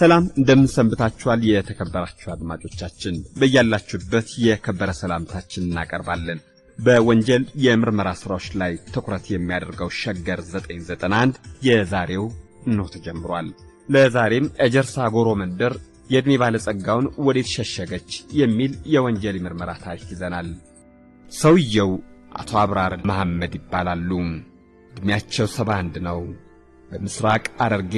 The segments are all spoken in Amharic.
ሰላም እንደምንሰንብታችኋል፣ የተከበራችሁ አድማጮቻችን በያላችሁበት የከበረ ሰላምታችን እናቀርባለን። በወንጀል የምርመራ ስራዎች ላይ ትኩረት የሚያደርገው ሸገር 991 የዛሬው እነሆ ተጀምሯል። ለዛሬም ኤጀርሳ ጎሮ መንደር የዕድሜ ባለጸጋውን ወዴት ሸሸገች የሚል የወንጀል ምርመራ ታሪክ ይዘናል። ሰውየው አቶ አብራር መሐመድ ይባላሉ። ዕድሜያቸው 71 ነው። በምስራቅ አደርጌ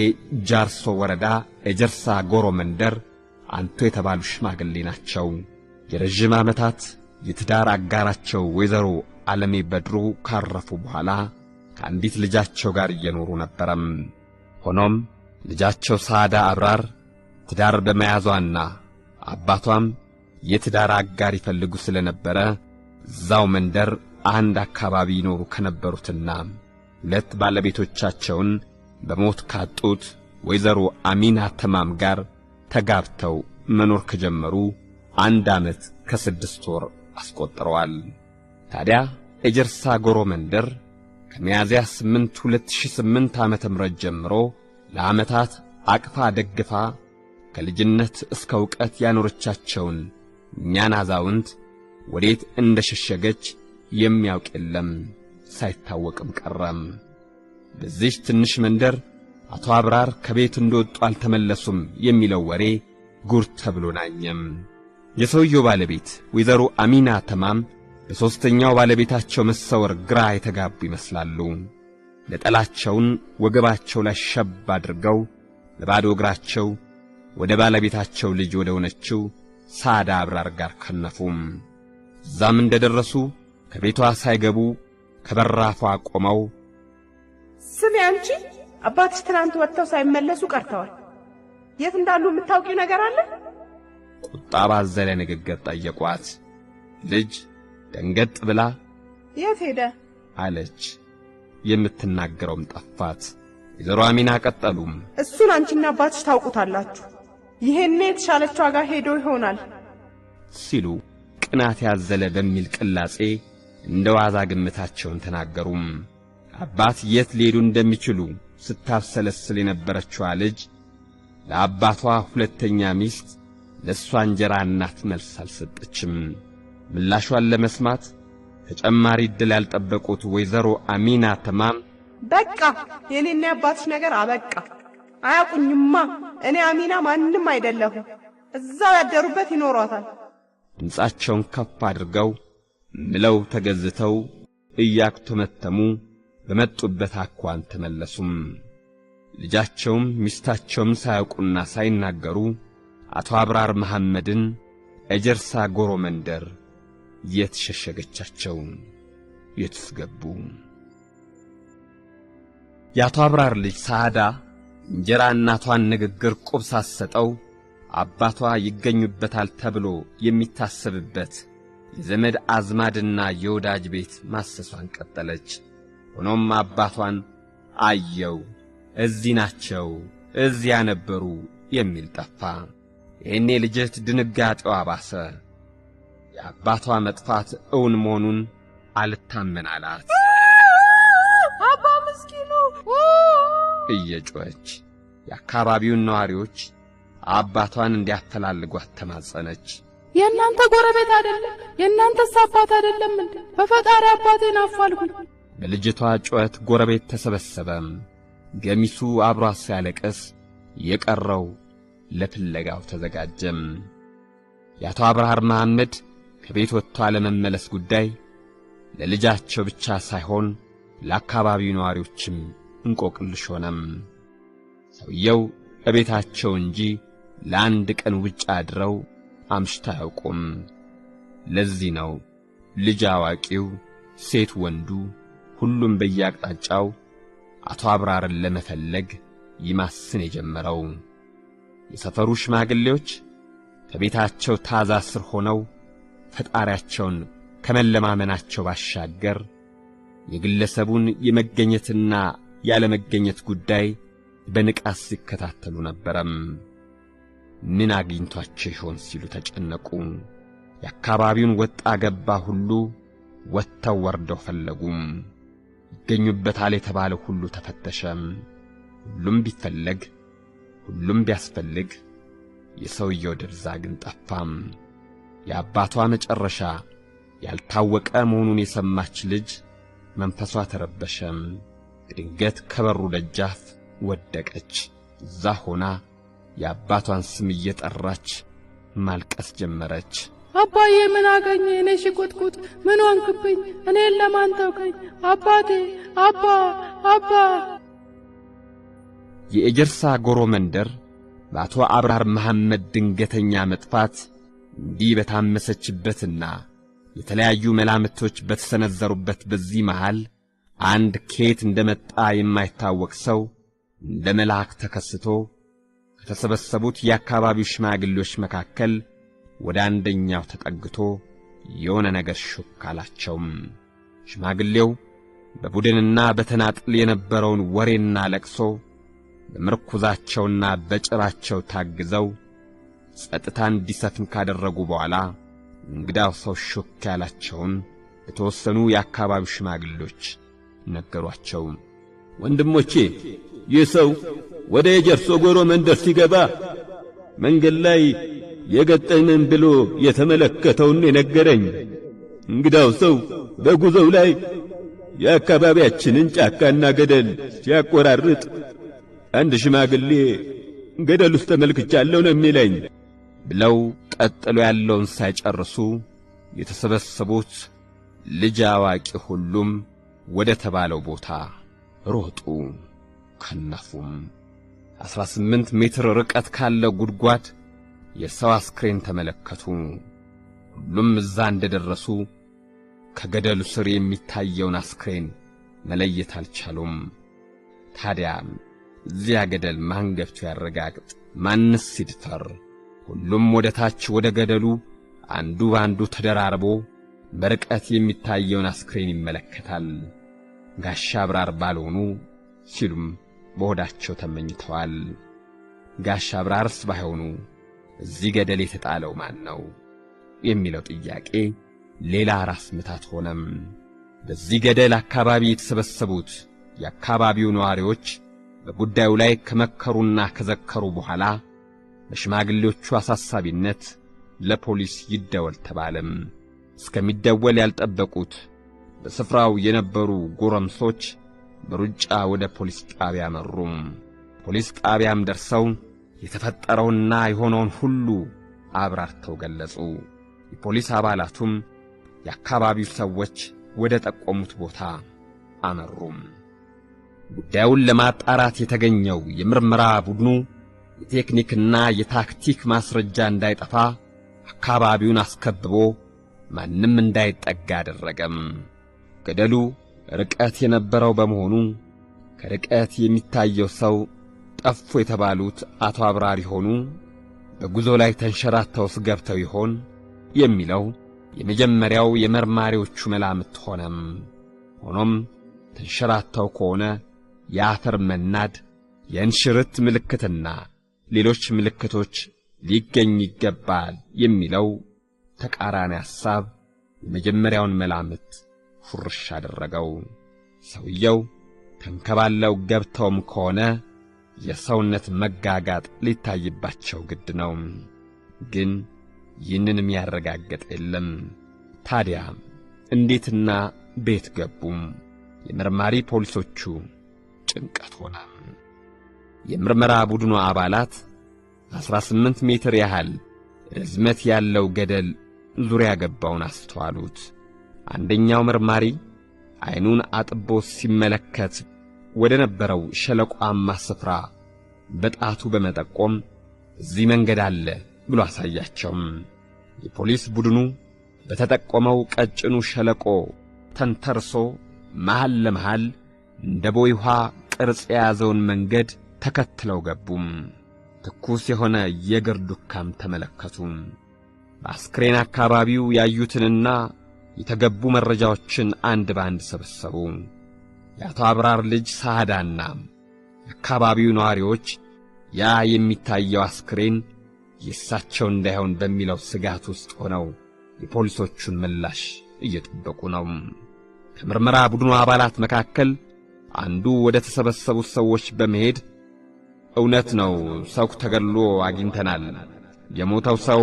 ጃርሶ ወረዳ የጀርሳ ጎሮ መንደር አንቱ የተባሉ ሽማግሌ ናቸው። የረዥም ዓመታት የትዳር አጋራቸው ወይዘሮ ዓለሜ በድሩ ካረፉ በኋላ ከአንዲት ልጃቸው ጋር እየኖሩ ነበረም። ሆኖም ልጃቸው ሳዳ አብራር ትዳር በመያዟና አባቷም የትዳር አጋር ይፈልጉ ስለነበረ እዛው መንደር አንድ አካባቢ ይኖሩ ከነበሩትና ሁለት ባለቤቶቻቸውን በሞት ካጡት ወይዘሮ አሚና ተማም ጋር ተጋብተው መኖር ከጀመሩ አንድ ዓመት ከስድስት ወር አስቆጥረዋል። ታዲያ ኤጀርሳ ጎሮ መንደር ከሚያዝያ 8 2008 ዓ.ም ጀምሮ ለዓመታት አቅፋ ደግፋ ከልጅነት እስከ ዕውቀት ያኖረቻቸውን እኛን አዛውንት ወዴት እንደሸሸገች የሚያውቅ የለም፣ ሳይታወቅም ቀረም። በዚች ትንሽ መንደር አቶ አብራር ከቤት እንደወጡ አልተመለሱም የሚለው ወሬ ጉር ተብሎ ናኘም። የሰውየው ባለቤት ወይዘሮ አሚና ተማም በሦስተኛው ባለቤታቸው መሰወር ግራ የተጋቡ ይመስላሉ። ነጠላቸውን ወገባቸው ላይ ሸብ አድርገው ለባዶ እግራቸው ወደ ባለቤታቸው ልጅ ወደ ሆነችው ሳዳ አብራር ጋር ከነፉም። እዛም እንደደረሱ ከቤቷ ሳይገቡ ከበራፏ ቆመው ስሜ አንቺ አባትሽ ትናንት ወጥተው ሳይመለሱ ቀርተዋል። የት እንዳሉ የምታውቂው ነገር አለ? ቁጣ ባዘለ ንግግር ጠየቋት። ልጅ ደንገጥ ብላ የት ሄደ አለች። የምትናገረውም ጠፋት። ወይዘሮ አሚና ቀጠሉም፣ እሱን አንቺና አባትሽ ታውቁታላችሁ። ይሄኔ የተሻለች ዋጋ ሄዶ ይሆናል ሲሉ ቅናት ያዘለ በሚል ቅላጼ እንደ ዋዛ ግምታቸውን ተናገሩም። አባት የት ሊሄዱ እንደሚችሉ ስታብሰለስል የነበረችዋ ልጅ ለአባቷ ሁለተኛ ሚስት ለእሷ እንጀራ እናት መልስ አልሰጠችም። ምላሿን ለመስማት ተጨማሪ ዕድል ያልጠበቁት ወይዘሮ አሚና ተማም በቃ የኔና የአባትሽ ነገር አበቃ፣ አያውቁኝማ። እኔ አሚና ማንም አይደለሁ፣ እዛው ያደሩበት ይኖሯታል። ድምፃቸውን ከፍ አድርገው ምለው ተገዝተው እያክተመተሙ በመጡበት አኳን ተመለሱም። ልጃቸውም ሚስታቸውም ሳያውቁና ሳይናገሩ አቶ አብራር መሐመድን ኤጀርሳ ጎሮ መንደር የት ሸሸገቻቸው? የትስ ገቡ? የአቶ አብራር ልጅ ሳዳ እንጀራ እናቷን ንግግር ቁብ ሳትሰጠው አባቷ ይገኙበታል ተብሎ የሚታሰብበት የዘመድ አዝማድና የወዳጅ ቤት ማሰሷን ቀጠለች። ሆኖም አባቷን አየው። እዚህ ናቸው፣ እዚያ ነበሩ የሚል ጠፋ። ይህኔ ልጅት ድንጋጤዋ ባሰ። የአባቷ መጥፋት እውን መሆኑን አልታመን አላት። አባ ምስኪኑ እየጮኸች የአካባቢውን ነዋሪዎች አባቷን እንዲያፈላልጓት ተማጸነች። የእናንተ ጎረቤት አይደለም? የእናንተስ አባት አይደለም እንዴ? በፈጣሪ አባቴን አፋልጉኝ። በልጅቷ ጩኸት ጎረቤት ተሰበሰበም። ገሚሱ አብሯት ሲያለቅስ የቀረው ለፍለጋው ተዘጋጀም። የአቶ አብርሃር መሐመድ ከቤት ወጥቶ አለመመለስ ጉዳይ ለልጃቸው ብቻ ሳይሆን ለአካባቢው ነዋሪዎችም እንቆቅልሽ ሆነም። ሰውየው በቤታቸው እንጂ ለአንድ ቀን ውጭ አድረው አምሽታ አያውቁም። ለዚህ ነው ልጅ አዋቂው ሴት ወንዱ ሁሉም በየአቅጣጫው አቶ አብራርን ለመፈለግ ይማስን የጀመረው። የሰፈሩ ሽማግሌዎች ከቤታቸው ታዛ ስር ሆነው ፈጣሪያቸውን ከመለማመናቸው ባሻገር የግለሰቡን የመገኘትና ያለመገኘት ጉዳይ በንቃት ሲከታተሉ ነበረም። ምን አግኝቷቸው ይሆን ሲሉ ተጨነቁ። የአካባቢውን ወጣ ገባ ሁሉ ወጥተው ወርደው ፈለጉም። ይገኙበታል የተባለ ሁሉ ተፈተሸም። ሁሉም ቢፈለግ ሁሉም ቢያስፈልግ የሰውየው ድርዛ ግን ጠፋም። የአባቷ መጨረሻ ያልታወቀ መሆኑን የሰማች ልጅ መንፈሷ ተረበሸም። ድንገት ከበሩ ደጃፍ ወደቀች። እዛ ሆና የአባቷን ስም እየጠራች ማልቀስ ጀመረች። አባዬ ምን አገኘ እኔ ሽቁጥቁጥ ምን ሆንክብኝ? እኔን ለማን ተውከኝ? አባቴ አባ አባ። የኤጀርሳ ጎሮ መንደር በአቶ አብራር መሐመድ ድንገተኛ መጥፋት እንዲህ በታመሰችበትና የተለያዩ መላምቶች በተሰነዘሩበት በዚህ መሃል አንድ ኬት እንደመጣ የማይታወቅ ሰው እንደ መልአክ ተከስቶ ከተሰበሰቡት የአካባቢው ሽማግሌዎች መካከል ወደ አንደኛው ተጠግቶ የሆነ ነገር ሹክ አላቸውም። ሽማግሌው በቡድንና በተናጥል የነበረውን ወሬና ለቅሶ በምርኩዛቸውና በጭራቸው ታግዘው ጸጥታ እንዲሰፍን ካደረጉ በኋላ እንግዳው ሰው ሹክ ያላቸውን የተወሰኑ የአካባቢው ሽማግሌዎች ነገሯቸው። ወንድሞቼ ይህ ሰው ወደ የጀርሶ ጎሮ መንደር ሲገባ መንገድ ላይ የገጠመን ብሎ የተመለከተውን የነገረኝ እንግዳው ሰው በጉዞው ላይ የአካባቢያችንን ጫካና ገደል ሲያቆራርጥ አንድ ሽማግሌ ገደል ውስጥ ተመልክቻለሁ ነው የሚለኝ ብለው ቀጥሎ ያለውን ሳይጨርሱ የተሰበሰቡት ልጅ አዋቂ ሁሉም ወደ ተባለው ቦታ ሮጡ፣ ከነፉም። አስራ ስምንት ሜትር ርቀት ካለ ጉድጓድ የሰው አስክሬን ተመለከቱ። ሁሉም እዛ እንደደረሱ ከገደሉ ስር የሚታየውን አስክሬን መለየት አልቻሉም። ታዲያ እዚያ ገደል ማን ገብቶ ያረጋግጥ? ማንስ ይድፈር? ሁሉም ወደ ታች ወደ ገደሉ አንዱ በአንዱ ተደራርቦ በርቀት የሚታየውን አስክሬን ይመለከታል። ጋሻ አብራር ባልሆኑ ሲሉም በሆዳቸው ተመኝተዋል። ጋሻ አብራርስ ባይሆኑ እዚህ ገደል የተጣለው ማን ነው የሚለው ጥያቄ ሌላ ራስ ምታት ሆነም። በዚህ ገደል አካባቢ የተሰበሰቡት የአካባቢው ነዋሪዎች በጉዳዩ ላይ ከመከሩና ከዘከሩ በኋላ በሽማግሌዎቹ አሳሳቢነት ለፖሊስ ይደወል ተባለም። እስከሚደወል ያልጠበቁት በስፍራው የነበሩ ጎረምሶች በሩጫ ወደ ፖሊስ ጣቢያ መሩም። ፖሊስ ጣቢያም ደርሰው የተፈጠረውና የሆነውን ሁሉ አብራርተው ገለጹ። የፖሊስ አባላቱም የአካባቢው ሰዎች ወደ ጠቆሙት ቦታ አመሩም። ጉዳዩን ለማጣራት የተገኘው የምርመራ ቡድኑ የቴክኒክና የታክቲክ ማስረጃ እንዳይጠፋ አካባቢውን አስከብቦ ማንም እንዳይጠጋ አደረገም። ገደሉ ርቀት የነበረው በመሆኑ ከርቀት የሚታየው ሰው ጠፉ የተባሉት አቶ አብራር ይሆኑ በጉዞ ላይ ተንሸራተውስ ገብተው ይሆን የሚለው የመጀመሪያው የመርማሪዎቹ መላምት ሆነም። ሆኖም ተንሸራተው ከሆነ የአፈር መናድ፣ የእንሽርት ምልክትና ሌሎች ምልክቶች ሊገኝ ይገባል የሚለው ተቃራኒ ሐሳብ የመጀመሪያውን መላምት ፉርሽ አደረገው። ሰውየው ተንከባለው ገብተውም ከሆነ የሰውነት መጋጋጥ ሊታይባቸው ግድ ነው። ግን ይህንን የሚያረጋግጥ የለም። ታዲያ እንዴትና ቤት ገቡም? የመርማሪ ፖሊሶቹ ጭንቀት ሆነ። የምርመራ ቡድኑ አባላት 18 ስምንት ሜትር ያህል ርዝመት ያለው ገደል ዙሪያ ገባውን አስተዋሉት። አንደኛው መርማሪ ዐይኑን አጥቦ ሲመለከት ወደ ነበረው ሸለቋማ ስፍራ በጣቱ በመጠቆም እዚህ መንገድ አለ ብሎ አሳያቸውም። የፖሊስ ቡድኑ በተጠቆመው ቀጭኑ ሸለቆ ተንተርሶ መሃል ለመሃል እንደ ቦይ ውሃ ቅርጽ የያዘውን መንገድ ተከትለው ገቡም። ትኩስ የሆነ የእግር ዱካም ተመለከቱም። በአስክሬን አካባቢው ያዩትንና የተገቡ መረጃዎችን አንድ በአንድ ሰበሰቡ። የአቶ አብራር ልጅ ሳህዳና የአካባቢው ነዋሪዎች ያ የሚታየው አስክሬን የእሳቸው እንዳይሆን በሚለው ስጋት ውስጥ ሆነው የፖሊሶቹን ምላሽ እየጠበቁ ነው። ከምርመራ ቡድኑ አባላት መካከል አንዱ ወደ ተሰበሰቡት ሰዎች በመሄድ እውነት ነው፣ ሰው ተገድሎ አግኝተናል። የሞተው ሰው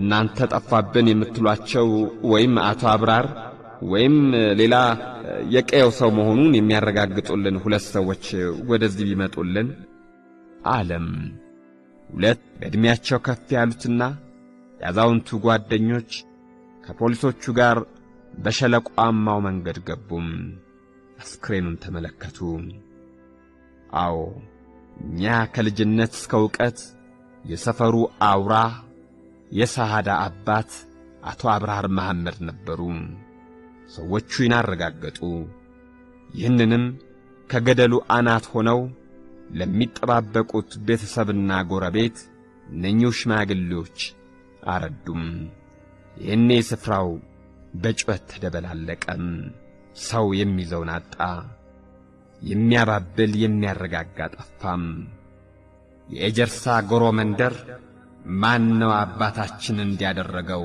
እናንተ ጠፋብን የምትሏቸው ወይም አቶ አብራር ወይም ሌላ የቀየው ሰው መሆኑን የሚያረጋግጡልን ሁለት ሰዎች ወደዚህ ቢመጡልን አለም። ሁለት በዕድሜያቸው ከፍ ያሉትና የአዛውንቱ ጓደኞች ከፖሊሶቹ ጋር በሸለቋማው መንገድ ገቡም። አስክሬኑን ተመለከቱ። አዎ እኛ ከልጅነት እስከ ዕውቀት የሰፈሩ አውራ የሰሃዳ አባት አቶ አብርሃር መሐመድ ነበሩ። ሰዎቹ ይናረጋገጡ። ይህንንም ከገደሉ አናት ሆነው ለሚጠባበቁት ቤተሰብና ጎረቤት እነኚሁ ሽማግሌዎች አረዱም። ይህኔ ስፍራው በጩኸት ተደበላለቀም። ሰው የሚይዘውን አጣ። የሚያባብል የሚያረጋጋ ጠፋም። የኤጀርሳ ጎሮ መንደር ማን ነው አባታችን እንዲያደረገው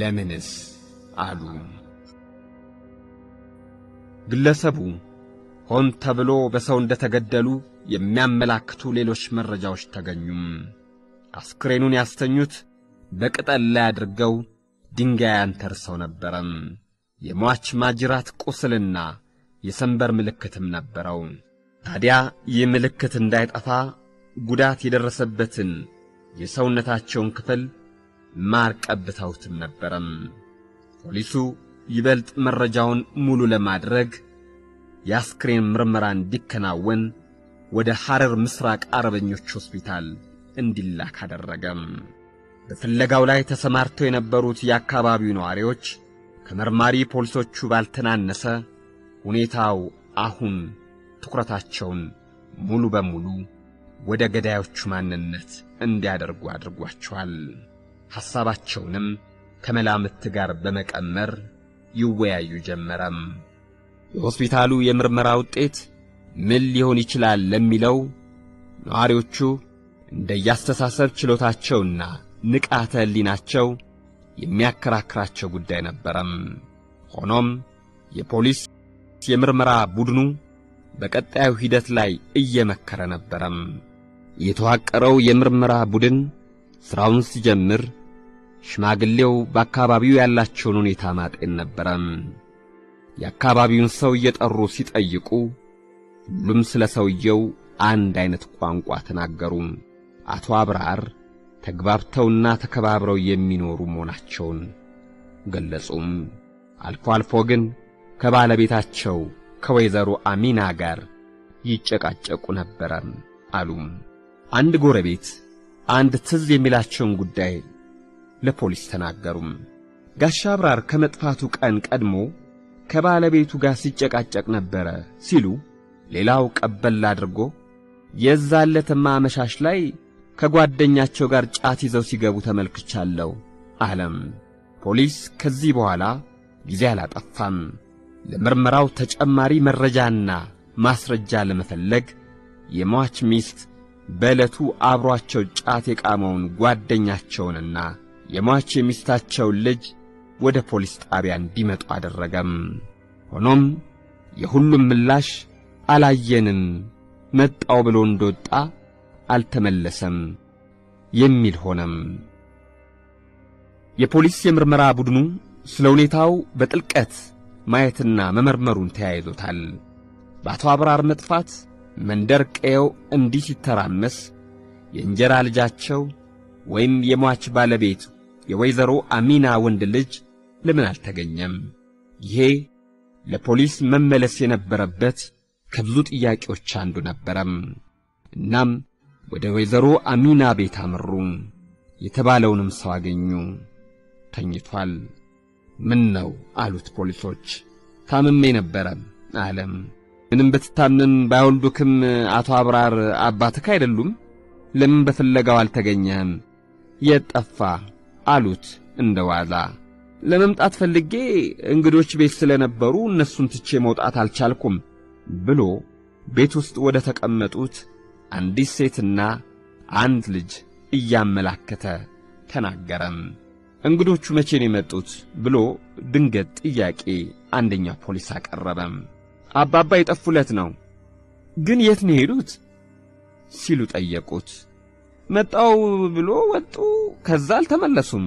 ለምንስ አሉ። ግለሰቡ ሆን ተብሎ በሰው እንደተገደሉ የሚያመላክቱ ሌሎች መረጃዎች ተገኙም። አስክሬኑን ያስተኙት በቅጠል ላይ አድርገው ድንጋይ አንተርሰው ነበረም። የሟች ማጅራት ቁስልና የሰንበር ምልክትም ነበረው። ታዲያ ይህ ምልክት እንዳይጠፋ ጉዳት የደረሰበትን የሰውነታቸውን ክፍል ማር ቀብተውትም ነበረም። ፖሊሱ ይበልጥ መረጃውን ሙሉ ለማድረግ የአስክሬን ምርመራ እንዲከናወን ወደ ሐረር ምስራቅ አርበኞች ሆስፒታል እንዲላክ አደረገም። በፍለጋው ላይ ተሰማርተው የነበሩት የአካባቢው ነዋሪዎች ከመርማሪ ፖሊሶቹ ባልተናነሰ ሁኔታው አሁን ትኩረታቸውን ሙሉ በሙሉ ወደ ገዳዮቹ ማንነት እንዲያደርጉ አድርጓቸዋል። ሐሳባቸውንም ከመላምት ጋር በመቀመር ይወያዩ ጀመረም። የሆስፒታሉ የምርመራ ውጤት ምን ሊሆን ይችላል ለሚለው ነዋሪዎቹ እንደያስተሳሰብ ችሎታቸውና ንቃተ ሕሊናቸው የሚያከራክራቸው ጉዳይ ነበረም። ሆኖም የፖሊስ የምርመራ ቡድኑ በቀጣዩ ሂደት ላይ እየመከረ ነበረም። የተዋቀረው የምርመራ ቡድን ሥራውን ሲጀምር ሽማግሌው በአካባቢው ያላቸውን ሁኔታ ማጤን ነበረም። የአካባቢውን ሰው እየጠሩ ሲጠይቁ ሁሉም ስለ ሰውየው አንድ አይነት ቋንቋ ተናገሩ። አቶ አብራር ተግባብተውና ተከባብረው የሚኖሩ መሆናቸውን ገለጹም። አልፎ አልፎ ግን ከባለቤታቸው ከወይዘሮ አሚና ጋር ይጨቃጨቁ ነበረም አሉም። አንድ ጎረቤት አንድ ትዝ የሚላቸውን ጉዳይ ለፖሊስ ተናገሩም። ጋሻ አብራር ከመጥፋቱ ቀን ቀድሞ ከባለቤቱ ጋር ሲጨቃጨቅ ነበረ ሲሉ ሌላው ቀበል አድርጎ የዛለትማ አመሻሽ ላይ ከጓደኛቸው ጋር ጫት ይዘው ሲገቡ ተመልክቻለሁ አለም። ፖሊስ ከዚህ በኋላ ጊዜ አላጠፋም። ለምርመራው ተጨማሪ መረጃና ማስረጃ ለመፈለግ የሟች ሚስት በዕለቱ አብሯቸው ጫት የቃመውን ጓደኛቸውንና የሟች የሚስታቸውን ልጅ ወደ ፖሊስ ጣቢያ እንዲመጡ አደረገም። ሆኖም የሁሉም ምላሽ አላየንም፣ መጣው ብሎ እንደወጣ አልተመለሰም የሚል ሆነም። የፖሊስ የምርመራ ቡድኑ ስለ ሁኔታው በጥልቀት ማየትና መመርመሩን ተያይዞታል። በአቶ አብራር መጥፋት መንደር ቀየው እንዲህ ሲተራመስ የእንጀራ ልጃቸው ወይም የሟች ባለቤት የወይዘሮ አሚና ወንድ ልጅ ለምን አልተገኘም? ይሄ ለፖሊስ መመለስ የነበረበት ከብዙ ጥያቄዎች አንዱ ነበረም። እናም ወደ ወይዘሮ አሚና ቤት አመሩ። የተባለውንም ሰው አገኙ። ተኝቷል። ምን ነው አሉት ፖሊሶች። ታምሜ ነበረ አለም። ምንም ብትታምም ባይወልዱክም አቶ አብራር አባትክ አይደሉም? ለምን በፍለጋው አልተገኘህም? የት አሉት እንደ ዋዛ። ለመምጣት ፈልጌ እንግዶች ቤት ስለነበሩ እነሱን ትቼ መውጣት አልቻልኩም ብሎ ቤት ውስጥ ወደ ተቀመጡት አንዲት ሴትና አንድ ልጅ እያመላከተ ተናገረም። እንግዶቹ መቼ ነው የመጡት ብሎ ድንገት ጥያቄ አንደኛው ፖሊስ አቀረበም። አባባ የጠፉለት ነው ግን የት ነው የሄዱት ሲሉ ጠየቁት። መጣው ብሎ ወጡ። ከዛ አልተመለሱም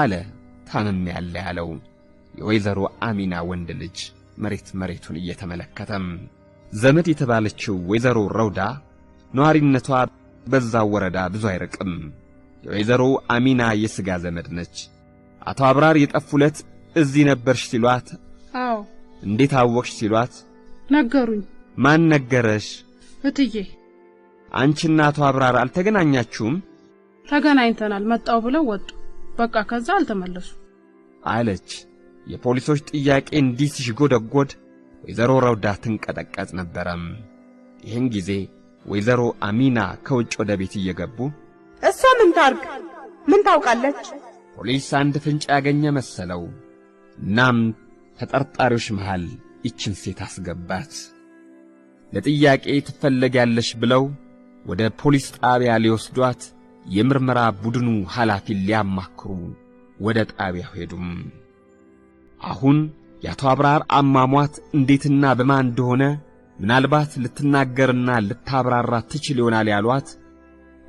አለ ታምም ያለ ያለው የወይዘሮ አሚና ወንድ ልጅ መሬት መሬቱን እየተመለከተም ዘመድ የተባለችው ወይዘሮ ረውዳ ነዋሪነቷ በዛ ወረዳ ብዙ አይርቅም። የወይዘሮ አሚና የሥጋ ዘመድ ነች። አቶ አብራር የጠፉለት እዚህ ነበርሽ ሲሏት፣ አዎ። እንዴት አወቅሽ ሲሏት፣ ነገሩኝ። ማን ነገረሽ? እትዬ አንቺና አቶ አብራር አልተገናኛችሁም? ተገናኝተናል መጣው ብለው ወጡ። በቃ ከዛ አልተመለሱ አለች። የፖሊሶች ጥያቄ እንዲህ ሲሽጎደጎድ ወይዘሮ ረውዳ ትንቀጠቀጥ ነበረም። ይህን ጊዜ ወይዘሮ አሚና ከውጭ ወደ ቤት እየገቡ እሷ ምን ታርግ ምን ታውቃለች? ፖሊስ አንድ ፍንጭ ያገኘ መሰለው። እናም ተጠርጣሪዎች መሃል ይችን ሴት አስገባት። ለጥያቄ ትፈለጊያለሽ ብለው ወደ ፖሊስ ጣቢያ ሊወስዷት የምርመራ ቡድኑ ኃላፊ ሊያማክሩ ወደ ጣቢያው ሄዱም። አሁን የአቶ አብራር አሟሟት እንዴትና በማን እንደሆነ ምናልባት ልትናገርና ልታብራራ ትችል ይሆናል ያሏት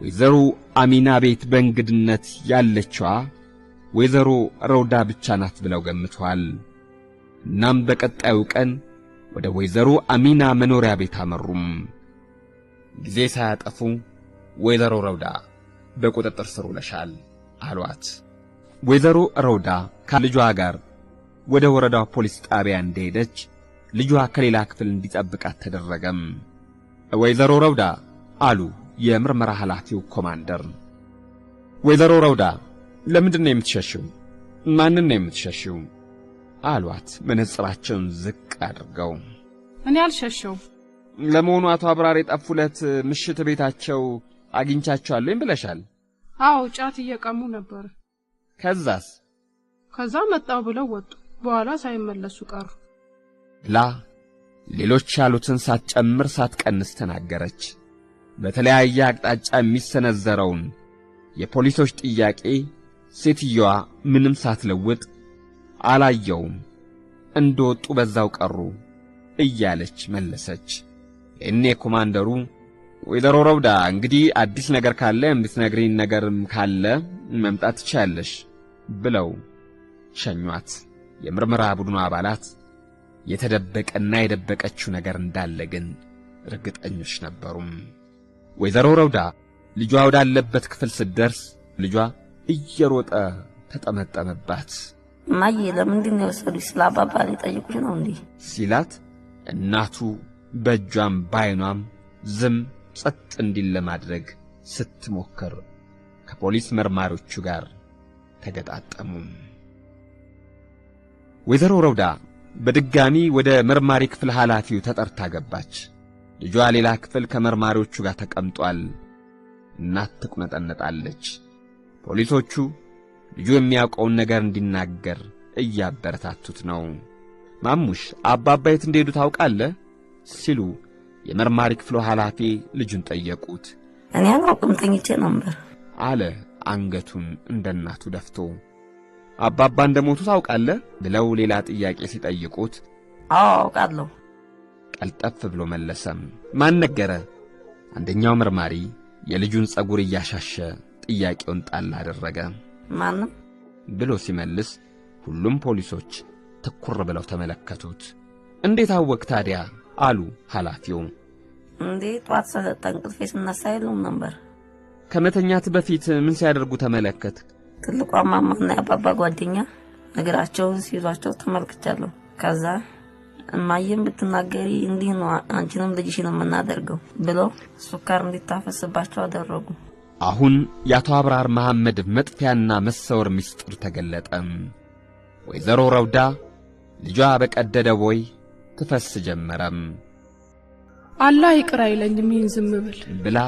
ወይዘሮ አሚና ቤት በእንግድነት ያለችዋ ወይዘሮ ረውዳ ብቻ ናት ብለው ገምቷል። እናም በቀጣዩ ቀን ወደ ወይዘሮ አሚና መኖሪያ ቤት አመሩም። ጊዜ ሳያጠፉ ወይዘሮ ረውዳ በቁጥጥር ስር ውለሻል አሏት። ወይዘሮ ረውዳ ከልጇ ጋር ወደ ወረዳው ፖሊስ ጣቢያ እንደሄደች ልጇ ከሌላ ክፍል እንዲጠብቃት ተደረገም። ወይዘሮ ረውዳ አሉ የምርመራ ኃላፊው ኮማንደር። ወይዘሮ ረውዳ ለምንድን ነው የምትሸሽው? ማንን ነው የምትሸሽው? አሏት መነጽራቸውን ዝቅ አድርገው። እኔ አልሸሸው ለመሆኑ አቶ አብራር የጠፉለት ምሽት ቤታቸው አግኝቻቸዋለኝ ብለሻል? አዎ፣ ጫት እየቀሙ ነበር። ከዛስ? ከዛ መጣው ብለው ወጡ። በኋላ ሳይመለሱ ቀሩ። ላ ሌሎች ያሉትን ሳትጨምር ሳትቀንስ ተናገረች። በተለያየ አቅጣጫ የሚሰነዘረውን የፖሊሶች ጥያቄ ሴትየዋ ምንም ሳትለውጥ አላየውም፣ እንደወጡ በዛው ቀሩ እያለች መለሰች። እኔ ኮማንደሩ ወይዘሮ ረውዳ እንግዲህ አዲስ ነገር ካለ የምትነግሪኝ ነገርም ካለ መምጣት ትችያለሽ ብለው ሸኟት። የምርመራ ቡድኑ አባላት የተደበቀና የደበቀችው ነገር እንዳለ ግን እርግጠኞች ነበሩም። ወይዘሮ ረውዳ ልጇ ወዳለበት ክፍል ስትደርስ ልጇ እየሮጠ ተጠመጠመባት። እማዬ ለምንድን ነው የወሰዱኝ? ስለ አባባ ሊጠይቁሽ ነው እንዴ? ሲላት እናቱ በእጇም ባይኗም ዝም ጸጥ እንዲል ለማድረግ ስትሞክር ከፖሊስ መርማሪዎቹ ጋር ተገጣጠሙ። ወይዘሮ ረውዳ በድጋሚ ወደ መርማሪ ክፍል ኃላፊው ተጠርታ ገባች። ልጇ ሌላ ክፍል ከመርማሪዎቹ ጋር ተቀምጧል። እናት ትቁነጠነጣለች። ፖሊሶቹ ልጁ የሚያውቀውን ነገር እንዲናገር እያበረታቱት ነው። ማሙሽ አባባ እንደሄዱ ታውቃለህ? ሲሉ የመርማሪ ክፍሎ ኃላፊ ልጁን ጠየቁት። እኔ አላውቅም ተኝቼ ነበር አለ አንገቱን እንደ እናቱ ደፍቶ። አባባ እንደ ሞቱ ታውቃለህ ብለው ሌላ ጥያቄ ሲጠይቁት አዎ አውቃለሁ ቀልጠፍ ብሎ መለሰም። ማን ነገረ? አንደኛው መርማሪ የልጁን ጸጉር እያሻሸ ጥያቄውን ጣል አደረገ። ማንም ብሎ ሲመልስ ሁሉም ፖሊሶች ትኩር ብለው ተመለከቱት። እንዴት አወቅ ታዲያ አሉ ኃላፊውም። እንዴ ጧት ተንቅልፌ ስነሳ የሉም ነበር። ከመተኛት በፊት ምን ሲያደርጉ ተመለከት? ትልቋ ማማና የአባባ ጓደኛ እግራቸውን ሲይዟቸው ተመልክቻለሁ። ከዛ እማዬም ብትናገሪ እንዲህ ነው አንቺንም ልጅሽን የምናደርገው ብለው ሱካር እንዲታፈስባቸው አደረጉ። አሁን የአቶ አብራር መሐመድ መጥፊያና መሰወር ምስጢር ተገለጠም። ወይዘሮ ረውዳ ልጇ በቀደደ ቦይ ትፈስ ጀመረም። አላህ ይቅር አይለኝም ይህን ዝም ብል ብላ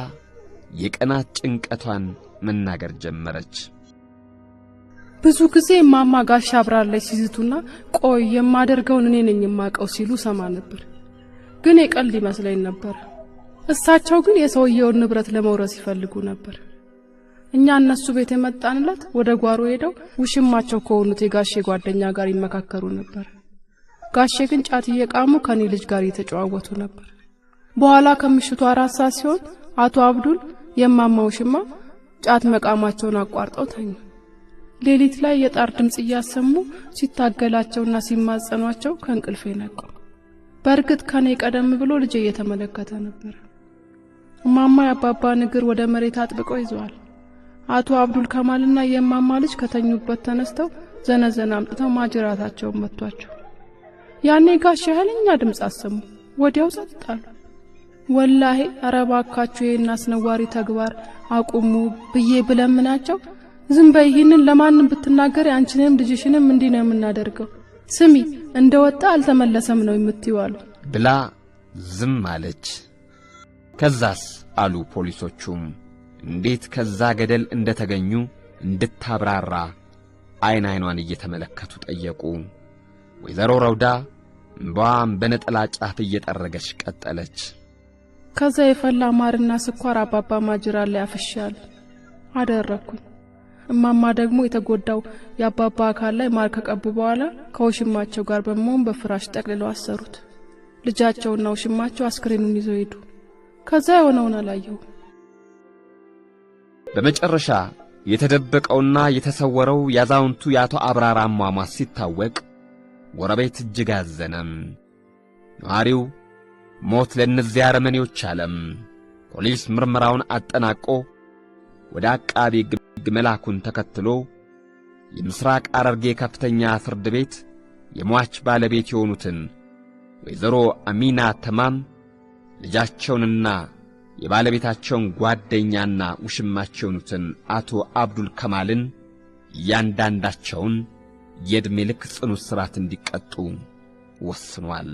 የቀናት ጭንቀቷን መናገር ጀመረች። ብዙ ጊዜ እማማ ጋሻ አብራለች ሲዝቱና ቆይ የማደርገውን እኔ ነኝ የማቀው ሲሉ ሰማ ነበር። ግን የቀልድ ይመስለኝ ነበር። እሳቸው ግን የሰውየውን ንብረት ለመውረስ ይፈልጉ ነበር። እኛ እነሱ ቤት የመጣንለት ወደ ጓሮ ሄደው ውሽማቸው ከሆኑት የጋሼ ጓደኛ ጋር ይመካከሩ ነበር። ጋሼ ግን ጫት እየቃሙ ከኔ ልጅ ጋር እየተጨዋወቱ ነበር። በኋላ ከምሽቱ አራት ሰዓት ሲሆን አቶ አብዱል የማማው ሽማ ጫት መቃማቸውን አቋርጠው ተኙ። ሌሊት ላይ የጣር ድምፅ እያሰሙ ሲታገላቸውና ሲማጸኗቸው ከእንቅልፌ ነቁ። በእርግጥ ከኔ ቀደም ብሎ ልጄ እየተመለከተ ነበር። እማማ የአባባን እግር ወደ መሬት አጥብቀው ይዘዋል። አቶ አብዱል ከማልና የእማማ ልጅ ከተኙበት ተነስተው ዘነዘና አምጥተው ማጅራታቸውን መቷቸው። ያኔ ጋሽ ኃይለኛ ድምፅ አሰሙ። ወዲያው ጸጥ አሉ። ወላሄ አረባ እባካችሁ ይህን አስነዋሪ ተግባር አቁሙ ብዬ ብለምናቸው ዝም በይ፣ ይህንን ለማንም ብትናገር ያንችንም ልጅሽንም እንዲህ ነው የምናደርገው፣ ስሚ እንደ ወጣ አልተመለሰም ነው የምትይዋሉ ብላ ዝም አለች። ከዛስ አሉ ፖሊሶቹም እንዴት ከዛ ገደል እንደተገኙ እንድታብራራ አይን አይኗን እየተመለከቱ ጠየቁ። ወይዘሮ ረውዳ እንባዋም በነጠላ ጫፍ እየጠረገች ቀጠለች። ከዛ የፈላ ማርና ስኳር አባባ ማጅራ ላይ አፍሻል አደረግኩኝ። እማማ ደግሞ የተጎዳው የአባባ አካል ላይ ማር ከቀቡ በኋላ ከውሽማቸው ጋር በመሆን በፍራሽ ጠቅልለው አሰሩት። ልጃቸውና ውሽማቸው አስክሬኑን ይዘው ሄዱ። ከዛ የሆነውን አላየው። በመጨረሻ የተደበቀውና የተሰወረው የአዛውንቱ የአቶ አብራራ አሟሟት ሲታወቅ ጎረቤት እጅግ አዘነም። ነዋሪው ሞት ለእነዚያ አረመኔዎች አለም። ፖሊስ ምርመራውን አጠናቆ ወደ አቃቢ ሕግ መላኩን ተከትሎ የምሥራቅ አረርጌ ከፍተኛ ፍርድ ቤት የሟች ባለቤት የሆኑትን ወይዘሮ አሚና ተማም ልጃቸውንና የባለቤታቸውን ጓደኛና ውሽማቸውኑትን የሆኑትን አቶ አብዱል ከማልን እያንዳንዳቸውን የዕድሜ ልክ ጽኑ እስራት እንዲቀጡ ወስኗል።